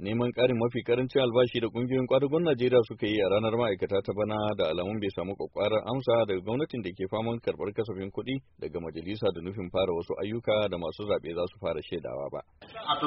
neman ƙarin mafi karancin albashi da ƙungiyoyin kwadugon Najeriya suka yi a ranar ma'aikata ta bana da alamun bai samu kwakwarar amsa daga gwamnatin da ke faman karɓar kasafin kuɗi daga majalisa da nufin fara wasu ayyuka da masu zaɓe za su fara shaidawa ba. At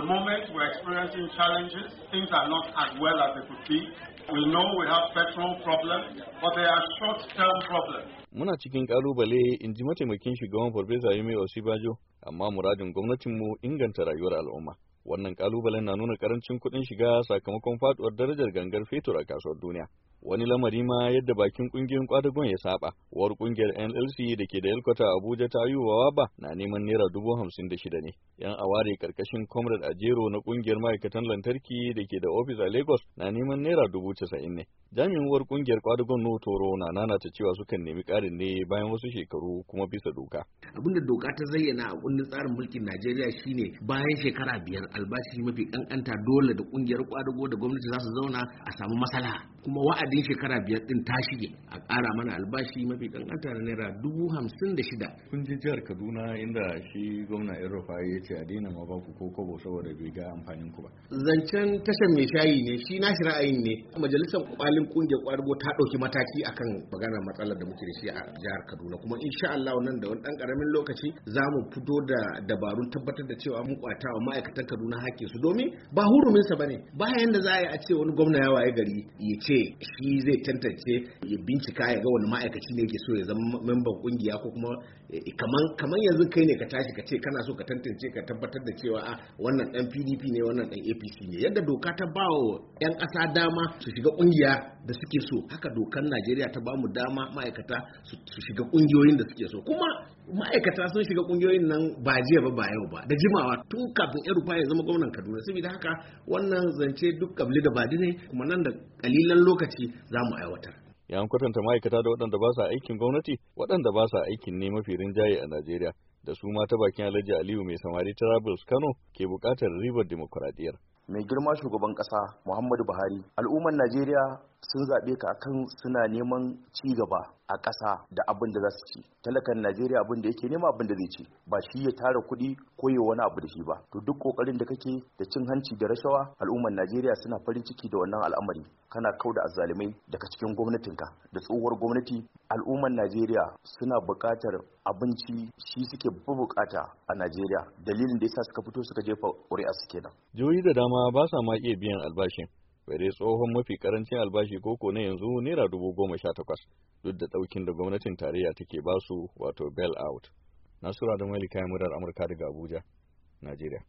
Muna cikin ƙalubale in ji mataimakin shugaban Farfesa Yemi Osibajo, amma muradin gwamnatinmu inganta rayuwar al'umma. Wannan kalubalen na nuna karancin kuɗin shiga sakamakon faduwar darajar gangar fetur a kasuwar duniya. wani lamari ma yadda bakin kungiyoyin kwadagon ya saba war kungiyar nlc da ke da yalkwata abuja ta yi wa ba na neman naira dubu hamsin da shida ne yan aware karkashin comrade ajero na kungiyar ma'aikatan lantarki da ke da ofis a lagos na neman naira dubu casa'in ne jami'in war kungiyar kwadagon no toro na nanata cewa sukan nemi karin ne bayan wasu shekaru kuma bisa doka abin da doka ta zayyana a kundin tsarin mulkin najeriya shine bayan shekara biyar albashi mafi kankanta dole da kungiyar kwadago da gwamnati za su zauna a samu masala kuma wa'adi wa'adin shekara biyar din ta shige a ƙara mana albashi mafi kankanta na naira dubu hamsin da shida. kun je jihar kaduna inda shi gwamna yan ya ce a daina ma baku ko kobo saboda bai ga amfanin ku ba. zancen tashar mai shayi ne shi na shi ra'ayin ne majalisar kwalin kungiyar kwargo ta ɗauki mataki akan magana matsalar da muke da shi a jihar kaduna kuma insha Allah nan da wani ɗan ƙaramin lokaci za mu fito da dabarun tabbatar da cewa mu kwata wa ma'aikatan kaduna hake su domin ba huruminsa ba ne ba yanda za a yi a ce wani gwamna ya waye gari ya ce shi zai tantance ya bincika ya ga wani ma'aikaci ne yake so ya zama memban kungiya ko kuma eh, eh, kaman yanzu kai ne ka tashi ka ce kana so ka tantance ka tabbatar da cewa a ah, wannan dan PDP ne wannan dan APC ne yadda doka ta ba wa yan ƙasa dama su shiga kungiya da suke so haka dokar Najeriya ta ba mu dama ma'aikata su shiga kungiyoyin da suke so kuma ma'aikata sun shiga kungiyoyin nan ba jiya ba ba yau ba da jimawa tun kafin yan rufa ya zama gwamnan kaduna saboda haka wannan zance duk kabli da badi ne kuma nan da kalilan lokaci za mu aiwatar yan kwatanta ma'aikata da waɗanda ba sa aikin gwamnati waɗanda ba sa aikin ne mafi rinjaye a najeriya da su ma ta bakin alhaji aliyu mai samari travels kano ke buƙatar ribar dimokuraɗiyyar mai girma shugaban ƙasa muhammadu buhari al'ummar najeriya sun zaɓe ka akan suna neman ci gaba a ƙasa da abin da za su ci talakan najeriya abin da yake nema abin da zai ci ba shi ya tara kuɗi ko ya wani abu da shi ba to duk ƙoƙarin da kake da cin hanci da rashawa al'ummar najeriya suna farin ciki da wannan al'amari kana kau da azzalumai daga cikin gwamnatinka da tsohuwar gwamnati al'ummar najeriya suna buƙatar abinci shi suke buƙata a najeriya dalilin da yasa suka fito suka jefa ƙuri'a su nan. jihohi da dama ba sa ma iya biyan albashin bare tsohon mafi karancin albashi koko na yanzu naira dubu goma sha takwas duk da ɗaukin da gwamnatin tarayya take basu wato bail out nasura da malika murar amurka daga abuja najeriya